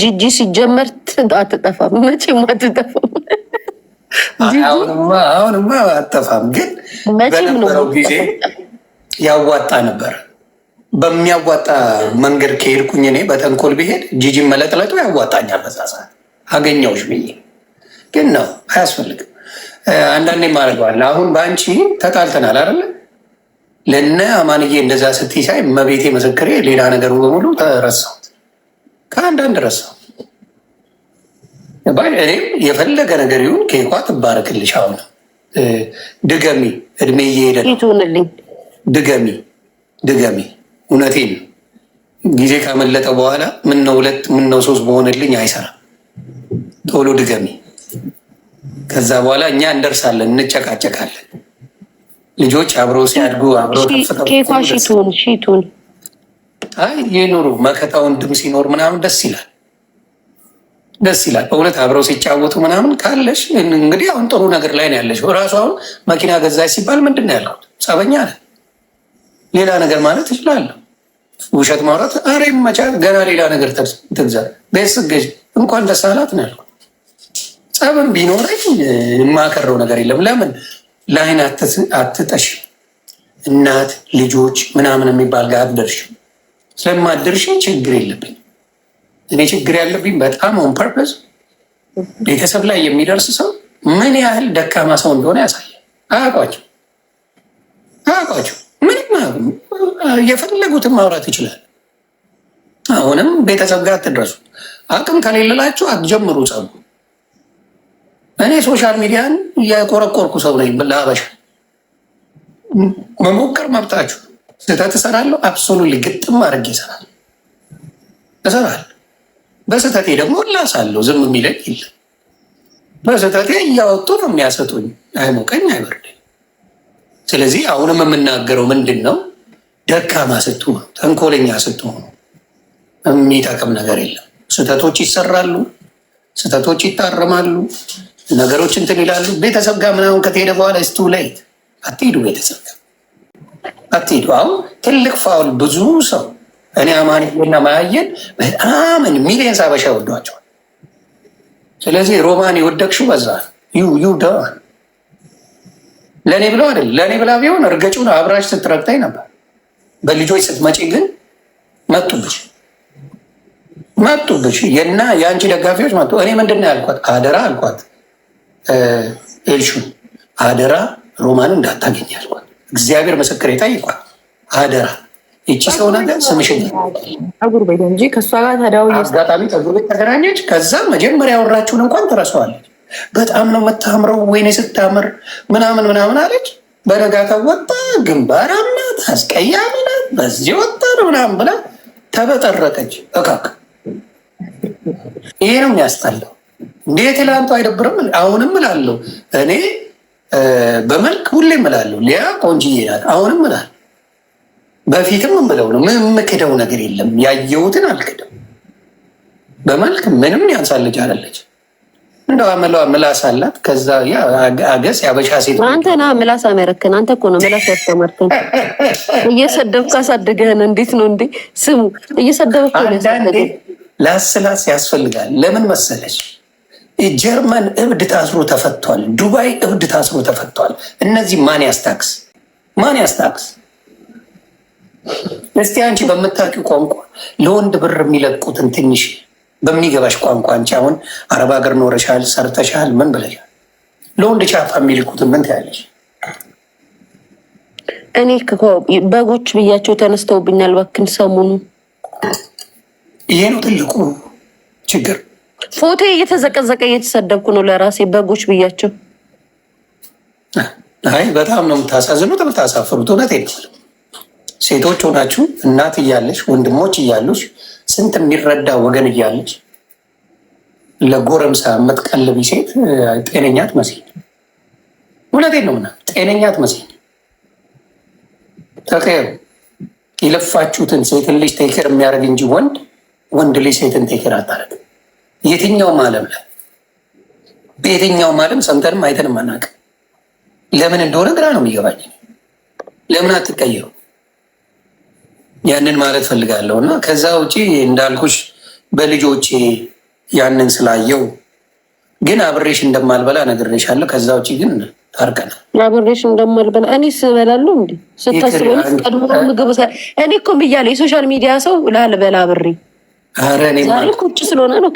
ጂጂ ሲጀመር አትጠፋም፣ መቼም አትጠፋም። አሁንማ አትጠፋም፣ ግን በነበረው ጊዜ ያዋጣ ነበር። በሚያዋጣ መንገድ ከሄድኩኝ እኔ በተንኮል ብሄድ ጂጂ መለጥለጡ ያዋጣኛል። በዛ ሰዓት አገኘሁሽ ብዬ ግን ነው አያስፈልግም። አንዳንዴ ማድረገዋል። አሁን በአንቺ ተጣልተናል አይደለ? ለነ አማንዬ እንደዛ ስትይ ሳይ መቤቴ ምስክሬ፣ ሌላ ነገር በሙሉ ተረሳው አንድ ረሳ እኔም የፈለገ ነገር ይሁን ኬኳ ትባረክልሽ። አሁን ድገሚ፣ እድሜ እየሄደ ድገሚ ድገሚ። እውነቴን ጊዜ ካመለጠ በኋላ ምነው ሁለት ምነው ሶስት በሆነልኝ አይሰራም። ቶሎ ድገሚ። ከዛ በኋላ እኛ እንደርሳለን፣ እንጨቃጨቃለን። ልጆች አብረው ሲያድጉ አብረው ኬኳ ሺቱን ሺቱን አይ የኖሩ መከታውን ድም ሲኖር ምናምን ደስ ይላል፣ ደስ ይላል በእውነት አብረው ሲጫወቱ ምናምን ካለሽ እንግዲህ አሁን ጥሩ ነገር ላይ ነው ያለሽ። እራሱ አሁን መኪና ገዛች ሲባል ምንድን ነው ያልኩት? ጸበኛ ሌላ ነገር ማለት ይችላል ውሸት ማውራት አሬ መቻ ገና ሌላ ነገር ትግዛ ቤት ስገጅ እንኳን ደስ አላት ነው ያልኩት። ጸብም ቢኖረኝ የማከረው ነገር የለም። ለምን ለአይን አትጠሽ እናት ልጆች ምናምን የሚባል ጋር አትደርሽም። ስለማደርሽ ችግር የለብኝ። እኔ ችግር ያለብኝ በጣም ኦን ፐርፐዝ ቤተሰብ ላይ የሚደርስ ሰው ምን ያህል ደካማ ሰው እንደሆነ ያሳያል። አያውቋቸው አያውቋቸው ምንም የፈለጉትን ማውራት ይችላል። አሁንም ቤተሰብ ጋር አትድረሱ። አቅም ከሌለላችሁ አትጀምሩ ጸቡ። እኔ ሶሻል ሚዲያን የቆረቆርኩ ሰው ነኝ። ለአበሻ መሞከር መብታችሁ ስህተት እሰራለሁ። አብሶሉት ግጥም አድርጌ ይሰራል እሰራለሁ። በስህተቴ ደግሞ እላሳለሁ። ዝም የሚለኝ የለም። በስህተቴ እያወጡ ነው የሚያሰጡኝ። አይሞቀኝ አይበርደኝ። ስለዚህ አሁንም የምናገረው ምንድን ነው? ደካማ ስትሆኑ፣ ተንኮለኛ ስትሆኑ የሚጠቅም ነገር የለም። ስህተቶች ይሰራሉ፣ ስህተቶች ይታረማሉ፣ ነገሮች እንትን ይላሉ። ቤተሰብ ጋር ምናምን ከተሄደ በኋላ ስቱ ላይት አትሄዱ ቤተሰብ ጋር አትሄዱ። አሁን ትልቅ ፋውል ብዙ ሰው እኔ አማኔና ማያየን በጣም ሚሊየን ሀበሻ ወዷቸዋል። ስለዚህ ሮማን የወደቅሽው በዛ ዩ ዩ ደዋል ለእኔ ብለው አይደል ለእኔ ብላ ቢሆን እርገጩን አብራሽ ስትረግጠኝ ነበር። በልጆች ስትመጪ ግን መጡብሽ መጡብሽ የና የአንቺ ደጋፊዎች መጡ። እኔ ምንድን ነው ያልኳት? አደራ አልኳት፣ ኤልሹን አደራ ሮማን እንዳታገኝ ያልኳት እግዚአብሔር ምስክር ይጠይቋል። አደራ ይቺ ሰው ነገ ስምሽኝ ጉር ቤት እንጂ ከእሷ ጋር ታዲያ አጋጣሚ ጸጉር ቤት ተገናኘች። ከዛ መጀመሪያ ያወራችሁን እንኳን ትረሳዋለች። በጣም ነው የምታምረው፣ ወይኔ ስታምር ምናምን ምናምን አለች። በነጋታው ወጣ፣ ግንባር አምናት አስቀያሚ ናት፣ በዚህ ወጣ ነው ምናምን ብላ ተበጠረቀች። እካክ ይሄ ነው የሚያስጠላው። እንዴት ላንቱ አይደብርም? አሁንም እላለሁ እኔ በመልክ ሁሌ እምላለሁ ሊያ ቆንጅዬ ናት። አሁንም እምላለሁ፣ በፊትም እምለው ነው። ምን የምክደው ነገር የለም። ያየሁትን አልክደው። በመልክ ምንም ያንሳልጅ አለች። እንደው አመላዋ ምላስ አላት። ከዛ አገስ ያበሻ ሴት አንተ ና ምላስ አመረክን። አንተ እኮ ነው ምላስ ያስተማርክን። እየሰደብክ አሳድገህን። እንዴት ነው እንዴ? ስሙ እየሰደብክ ላስላስ ያስፈልጋል። ለምን መሰለች ጀርመን እብድ ታስሮ ተፈቷል። ዱባይ እብድ ታስሮ ተፈቷል። እነዚህ ማን ያስታክስ? ማን ያስታክስ? እስቲ አንቺ በምታውቂው ቋንቋ ለወንድ ብር የሚለቁትን ትንሽ በሚገባሽ ቋንቋ አንቺ አሁን አረብ ሀገር ኖረሻል፣ ሰርተሻል፣ ምን ብለሻል? ለወንድ ጫፋ የሚልቁትን ምን ትያለሽ? እኔ በጎች ብያቸው ተነስተውብኛል። እባክን ሰሙኑ ይሄ ነው ትልቁ ችግር። ፎቶ እየተዘቀዘቀ እየተሰደብኩ ነው ለራሴ በጎች ብያቸው። አይ በጣም ነው የምታሳዝኑት የምታሳፍሩት። እውነት ሴቶች ሆናችሁ እናት እያለች ወንድሞች እያሉች ስንት የሚረዳ ወገን እያለች ለጎረምሳ የምትቀልቢ ሴት ጤነኛ ትመስል። እውነቴን ነው ምና ጤነኛ ትመስል። ተቀየሩ። የለፋችሁትን ሴትን ልጅ ቴክር የሚያደርግ እንጂ ወንድ ወንድ ልጅ ሴትን ቴክር አታደርግም። የትኛውም ዓለም ላይ በየትኛውም ዓለም ሰምተንም አይተንም አናውቅም። ለምን እንደሆነ ግራ ነው የሚገባኝ። ለምን አትቀየሩ? ያንን ማለት ፈልጋለሁ እና ከዛ ውጪ እንዳልኩሽ በልጆቼ ያንን ስላየው ግን አብሬሽ እንደማልበላ ነግሬሻለሁ። ከዛ ውጪ ግን ታርቀናል። አብሬሽ እንደማልበላ እኔ ስበላለሁ እንዲ ስታስበ ቀድሞ ምግብ እኔ እኮ ብያለሁ የሶሻል ሚዲያ ሰው ላልበላ አብሬ ቁጭ ስለሆነ ነው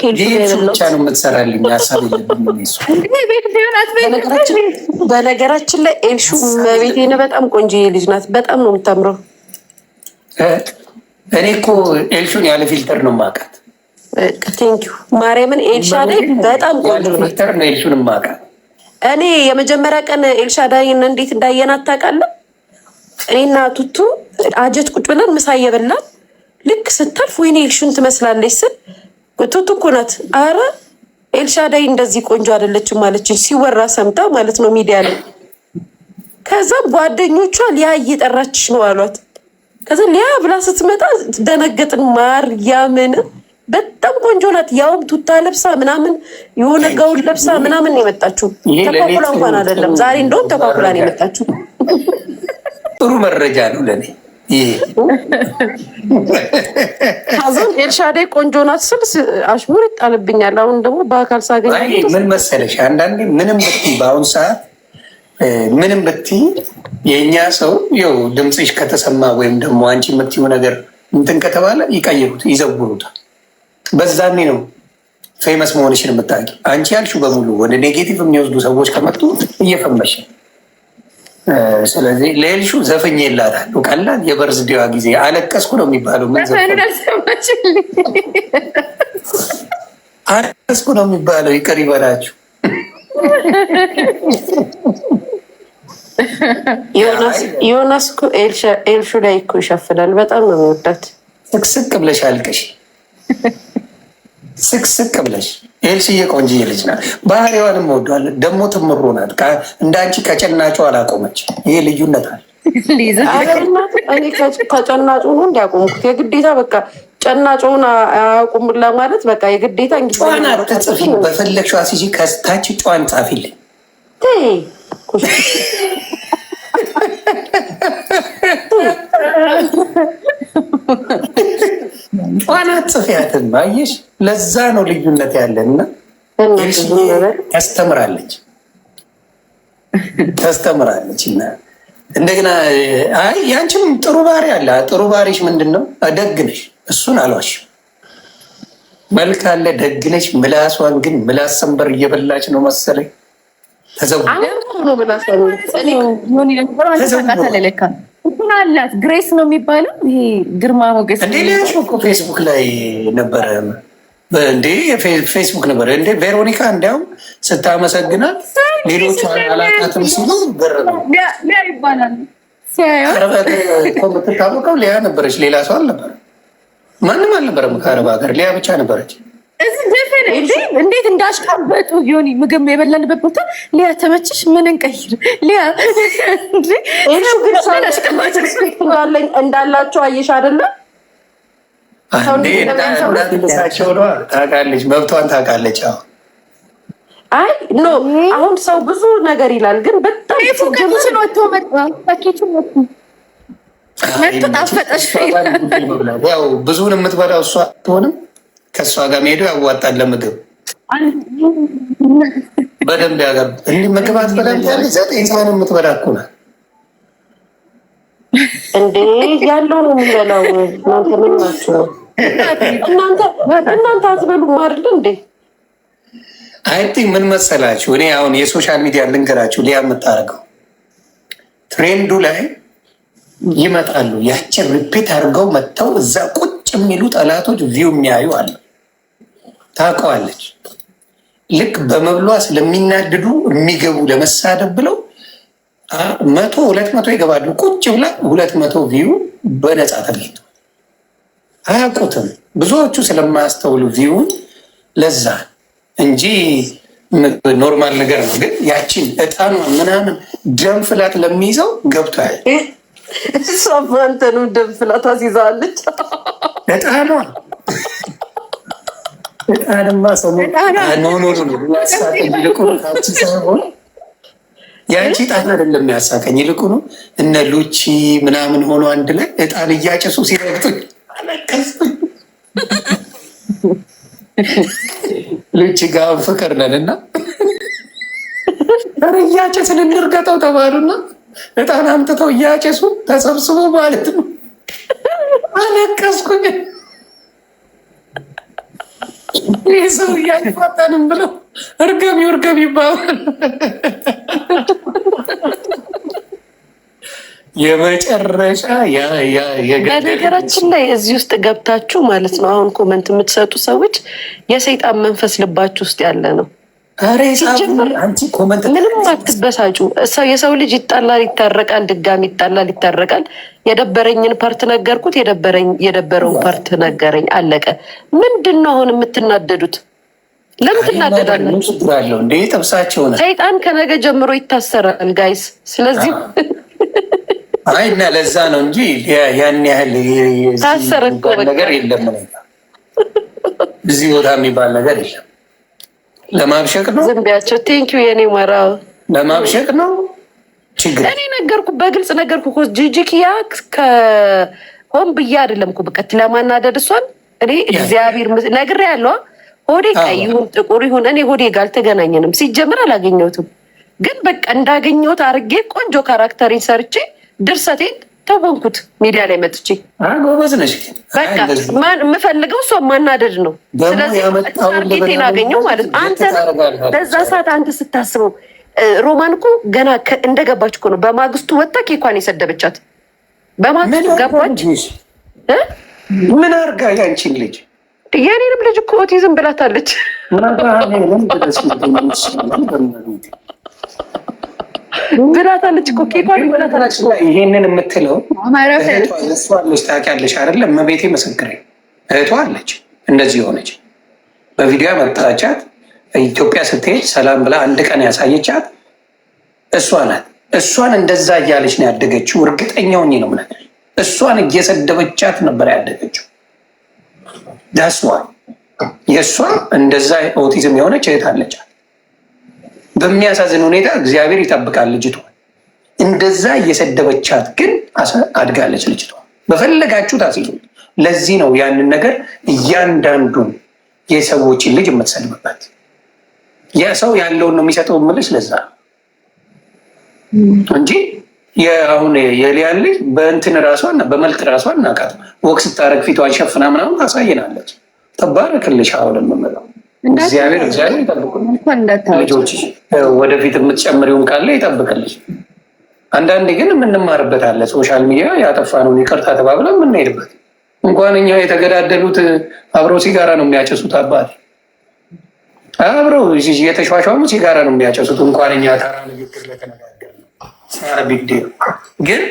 ነው የምትሰራልኝ። በነገራችን ላይ ኤልሹ መቤቴ በጣም ቆንጆዬ ልጅ ናት። በጣም ነው የምታምረው። እኔ እኮ ኤልሹን ያለ ፊልተር ነው የማውቃት። ቴንኪዩ ማርያምን። ኤልሻ ላይ በጣም ቆንጆ ነው። ኤልሹን የማውቃት እኔ የመጀመሪያ ቀን ኤልሻዳይን እንዴት እንዳየናት ታውቃለህ? እኔና ቱቱ አጀት ቁጭ ብለን ምሳ እየበላን ልክ ስታልፍ ወይኔ ኤልሹን ትመስላለች ስል ቱቱ እኮ ናት። አረ ኤልሻዳይ እንደዚህ ቆንጆ አይደለችም ማለችኝ ሲወራ ሰምታ ማለት ነው ሚዲያ ላይ። ከዛ ጓደኞቿ ሊያ እየጠራችሽ ነው አሏት። ከዛ ሊያ ብላ ስትመጣ ደነገጥን። ማርያምን በጣም ቆንጆ ናት። ያውም ቱታ ለብሳ ምናምን የሆነ ጋውን ለብሳ ምናምን የመጣችሁ የመጣችው። ተኳኩላ እንኳን አይደለም ዛሬ እንደውም ተኳኩላ ነው የመጣችው። ጥሩ መረጃ ነው ለእኔ ሀዘን ኤልሻዳይ ቆንጆ ናት ስል አሽሙር ይጣልብኛል። አሁን ደግሞ በአካል ሳገኝ ምን መሰለሽ፣ አንዳንዴ ምንም ብትይ በአሁን ሰዓት ምንም ብትይ የእኛ ሰው ው ድምፅሽ ከተሰማ ወይም ደግሞ አንቺ የምትይው ነገር እንትን ከተባለ ይቀይሩት፣ ይዘውሩታል። በዛኔ ነው ፌመስ መሆንሽን የምታውቂ። አንቺ ያልሽው በሙሉ ወደ ኔጌቲቭ የሚወስዱ ሰዎች ከመጡ እየፈመሽ ስለዚህ ለልሹ ዘፈኝ ይላታሉ። ቀላል የበርዝዴዋ ጊዜ አለቀስኩ ነው የሚባለው። ምን አለቀስኩ ነው የሚባለው። ይቅር ይበላችሁ። ዮናስ ኤልሹ ላይ እኮ ይሸፍናል። በጣም ነው የሚወዳት። ስቅስቅ ብለሽ አልቅሽ። ስቅስቅ ብለሽ ኤልስዬ ቆንጅዬ ልጅ ናት። ባህሪዋንም ወዷል። ደግሞ ትምሩ ናት። እንዳንቺ ከጨናጩ አላቆመች። ይሄ ልዩነት አለ። እኔ ከጨናጩ እንዲ ያቆምኩት የግዴታ በቃ ጨናጮውን አያቁምላ ማለት በቃ የግዴታ ጨዋን አትጽፊ። በፈለግሽው አስይዤ ከታች ጨዋን ጻፊልኝ አትጽፊያትም። ማየሽ ለዛ ነው ልዩነት ያለን እና ያስተምራለች ታስተምራለች እና እንደገና አይ ያንቺም ጥሩ ባህሪ አለ። ጥሩ ባህሪሽ ምንድን ነው? ደግ ነሽ። እሱን አሏሽ መልክ አለ፣ ደግ ነሽ። ምላሷን ግን ምላስ ሰንበር እየበላች ነው መሰለኝ ተዘውተዘው አላት። ግሬስ ነው የሚባለው ይሄ ግርማ ሞገስ ፌስቡክ ላይ ነበረ እንዴ ፌስቡክ ነበረ እንዴ ቬሮኒካ እንዲያውም ስታመሰግናል ሌሎች አላቃትም ሲሉ ገር ነው ይባላል። የምትታወቀው ሊያ ነበረች፣ ሌላ ሰው አልነበረ፣ ማንም አልነበረም ከአረብ ሀገር ሊያ ብቻ ነበረች። እዚህ ደፈነ እንዴት እንዳሽቃበጡ ቢሆን ምግብ የበላንበት ቦታ ሊያ ተመችሽ? ምን እንቀይር? ሊያ እንዳላቸው አየሽ አደለ? ታውቃለች፣ መብቷን ታውቃለች። አይ ኖ አሁን ሰው ብዙ ነገር ይላል፣ ግን በጣም ብዙን የምትበላው እሷ አትሆንም ከእሷ ጋር መሄዱ ያዋጣል። ለምግብ በደንብ ያጋ እንዲ ምግብ በደንብ ያለ ዘጠኝ ሰዓት የምትበላ እኮ ናት እንዴ! ያለው ነው የሚበላው። እናንተ ምን ናቸው? እናንተ አትበሉም አይደል እንዴ? አይቲ ምን መሰላችሁ፣ እኔ አሁን የሶሻል ሚዲያ ልንገራችሁ፣ ሊያ የምታደርገው ትሬንዱ ላይ ይመጣሉ። ያችን ሪፒት አድርገው መጥተው እዛ ቁጭ የሚሉ ጠላቶች ቪው የሚያዩ አለ ታውቀዋለች። ልክ በመብሏ ስለሚናድዱ የሚገቡ ለመሳደብ ብለው መቶ ሁለት መቶ ይገባሉ። ቁጭ ብላ ሁለት መቶ ቪዩ በነፃ ተገኝቶ አያውቁትም ብዙዎቹ ስለማያስተውሉ ቪዩን ለዛ እንጂ ኖርማል ነገር ነው። ግን ያቺን እጣኗ ምናምን ደም ፍላት ለሚይዘው ገብቶ ያለ እሷ አንተንም ደም ፍላት አስይዛለች እጣኗ እጣንማ ሰው የአንቺ እጣን አይደለም የሚያሳቀኝ ይልቁ ነው። እነ ሉቺ ምናምን ሆኖ አንድ ላይ እጣን እያጨሱ ሲረግጡ ሉቺ ጋር ፍቅር ነን እና እያጨስን እንርገጠው ተባሉና እጣን አምጥተው እያጨሱ ተሰብስቦ ማለት ነው አለቀስኩኝ። ይህ ሰው አይፋታንም ብለው እርገሚው እርገም ይባላል። የመጨረሻ በነገራችን ላይ እዚህ ውስጥ ገብታችሁ ማለት ነው አሁን ኮመንት የምትሰጡ ሰዎች የሰይጣን መንፈስ ልባችሁ ውስጥ ያለ ነው። ምንም አትበሳጩ። የሰው ልጅ ይጣላል፣ ይታረቃል፣ ድጋሚ ይጣላል፣ ይታረቃል። የደበረኝን ፓርት ነገርኩት፣ የደበረውን ፓርት ነገረኝ። አለቀ። ምንድን ነው አሁን የምትናደዱት? ለምን ሰይጣን ከነገ ጀምሮ ይታሰራል ጋይስ። ስለዚህ አይ እና ለዛ ነው እንጂ ያን ያህል ነገር የለም። እዚህ ቦታ የሚባል ነገር የለም። ለማብሸቅ ነው። ዝም ቢያቸው። ቴንኪው የኔ መራ ለማብሸቅ ነው። ችግር እኔ ነገርኩ፣ በግልጽ ነገርኩ። ጂጂ ከሆን ብዬ አይደለም እኮ ለማናደድ እሷን እኔ እግዚአብሔር ነግሬ ያለዋ ሆዴ ቀይ ይሁን ጥቁር ይሁን እኔ ሆዴ ጋር አልተገናኘንም። ሲጀምር አላገኘሁትም፣ ግን በቃ እንዳገኘሁት አርጌ ቆንጆ ካራክተሪን ሰርቼ ድርሰቴን ተወንኩት ሚዲያ ላይ መጥቼ ጎበዝ ነሽ። በቃ የምፈልገው እሷ ማናደድ ነው። ስለዚህ ታርጌቴን አገኘው ማለት ነው። አንተ በዛ ሰዓት አንተ ስታስበው ሮማን እኮ ገና እንደገባች እኮ ነው በማግስቱ ወጥታ ኬኳን የሰደበቻት። በማግስቱ ገባች። ምን አርጋ ያንቺን ልጅ የኔንም ልጅ እኮ ኦቲዝም ብላታለች። ብላት እኮ ኬኳን ብላት ይሄንን የምትለው እሷ አለች ታውቂያለሽ አይደለም? መቤቴ እህቷ አለች እንደዚህ የሆነች በቪዲዮ ያመጣቻት ኢትዮጵያ ስትሄድ ሰላም ብላ አንድ ቀን ያሳየቻት እሷ ናት። እሷን እንደዛ እያለች ነው ያደገችው። እርግጠኛውን ነው ምነት እሷን እየሰደበቻት ነበር ያደገችው። ዳስዋ የእሷ እንደዛ ኦቲዝም የሆነች እህት አለቻት። በሚያሳዝን ሁኔታ እግዚአብሔር ይጠብቃል። ልጅቷ እንደዛ እየሰደበቻት ግን አድጋለች። ልጅቷ በፈለጋችሁ ታስይዙ። ለዚህ ነው ያንን ነገር እያንዳንዱን የሰዎችን ልጅ የምትሰልምበት። ያ ሰው ያለውን ነው የሚሰጠው ምልሽ ለዛ እንጂ አሁን የሊያን ልጅ በእንትን ራሷን በመልክ ራሷ እናቃት ወቅ ስታደረግ ፊቷን ሸፍና ምናምን ታሳየናለች። ተባረክልሽ አሁን የምምለው እግዚአብሔር እግዚአብሔር ይጠብቁልጆች ወደፊት የምትጨምሪውም ካለ ይጠብቅልሽ። አንዳንዴ ግን የምንማርበት አለ። ሶሻል ሚዲያ ያጠፋነውን ይቅርታ ተባብለ የምንሄድበት እንኳን እኛ የተገዳደሉት አብረው ሲጋራ ነው የሚያጨሱት። አባት አብረው የተሿሿሙ ሲጋራ ነው የሚያጨሱት። እንኳን እኛ ታራ ንግግር ለተነጋገር ነው ቢግዴ ግን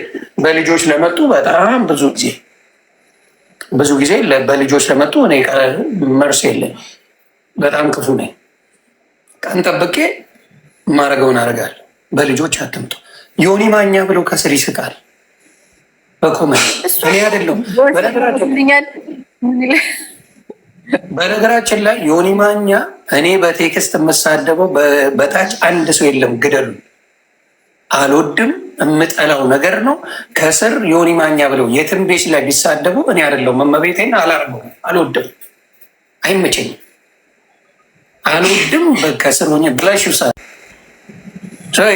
በልጆች ለመጡ በጣም ብዙ ጊዜ ብዙ ጊዜ በልጆች ለመጡ እኔ መርስ የለኝ በጣም ክፉ ነኝ። ቀን ጠብቄ ማረገውን አረጋል። በልጆች አትምጡ። ዮኒ ማኛ ብሎ ከስር ይስቃል በኮመንት እኔ አይደለሁም። በነገራችን ላይ ዮኒ ማኛ እኔ በቴክስት የምሳደበው በታች አንድ ሰው የለም። ግደሉ አልወድም የምጠላው ነገር ነው። ከስር ዮኒ ማኛ ብለው የትም ቤት ላይ ቢሳደቡ እኔ አይደለሁም። መመቤቴን አላርገውም፣ አልወድም፣ አይመቸኝም። አልወድም ከስር ስር ሆኜ ብላሽ ይብሳል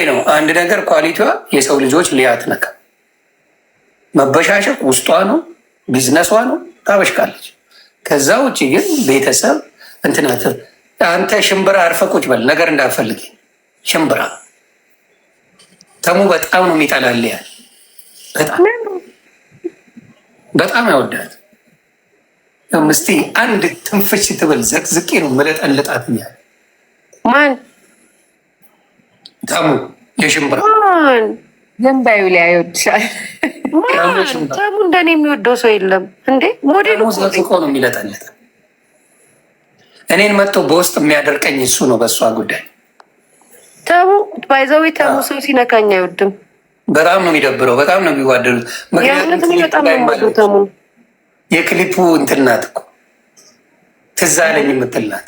ነው አንድ ነገር ኳሊቲዋ የሰው ልጆች ሊያትነካ መበሻሸቅ ውስጧ ነው፣ ቢዝነሷ ነው፣ ታበሽቃለች። ከዛ ውጭ ግን ቤተሰብ እንትናት አንተ ሽምብራ አርፈህ በል ነገር እንዳፈልግ ሽምብራ ተሙ በጣም ነው የሚጠላልህ በጣም በጣም ያወዳት እስቲ አንድ ትንፍሽ ትብል ዘቅዝቄ ነው መለጠልጣት። እያለ ማን ታሙ የሽምብራ ዘንባዩ ላይ አይወድሻል። ታሙ እንደኔ የሚወደው ሰው የለም እንዴ! ሞዴል ዘቅዝቆ ነው የሚለጠለጠ እኔን መጥቶ በውስጥ የሚያደርቀኝ እሱ ነው። በእሷ ጉዳይ ታሙ ባይዘዊ ታሙ ሰው ሲነካኝ አይወድም። በጣም ነው የሚደብረው። በጣም ነው የሚዋደዱት። ምክንያቱም በጣም ነው ተሙ የክሊፑ እንትናት ትዝ አለኝ የምትልናት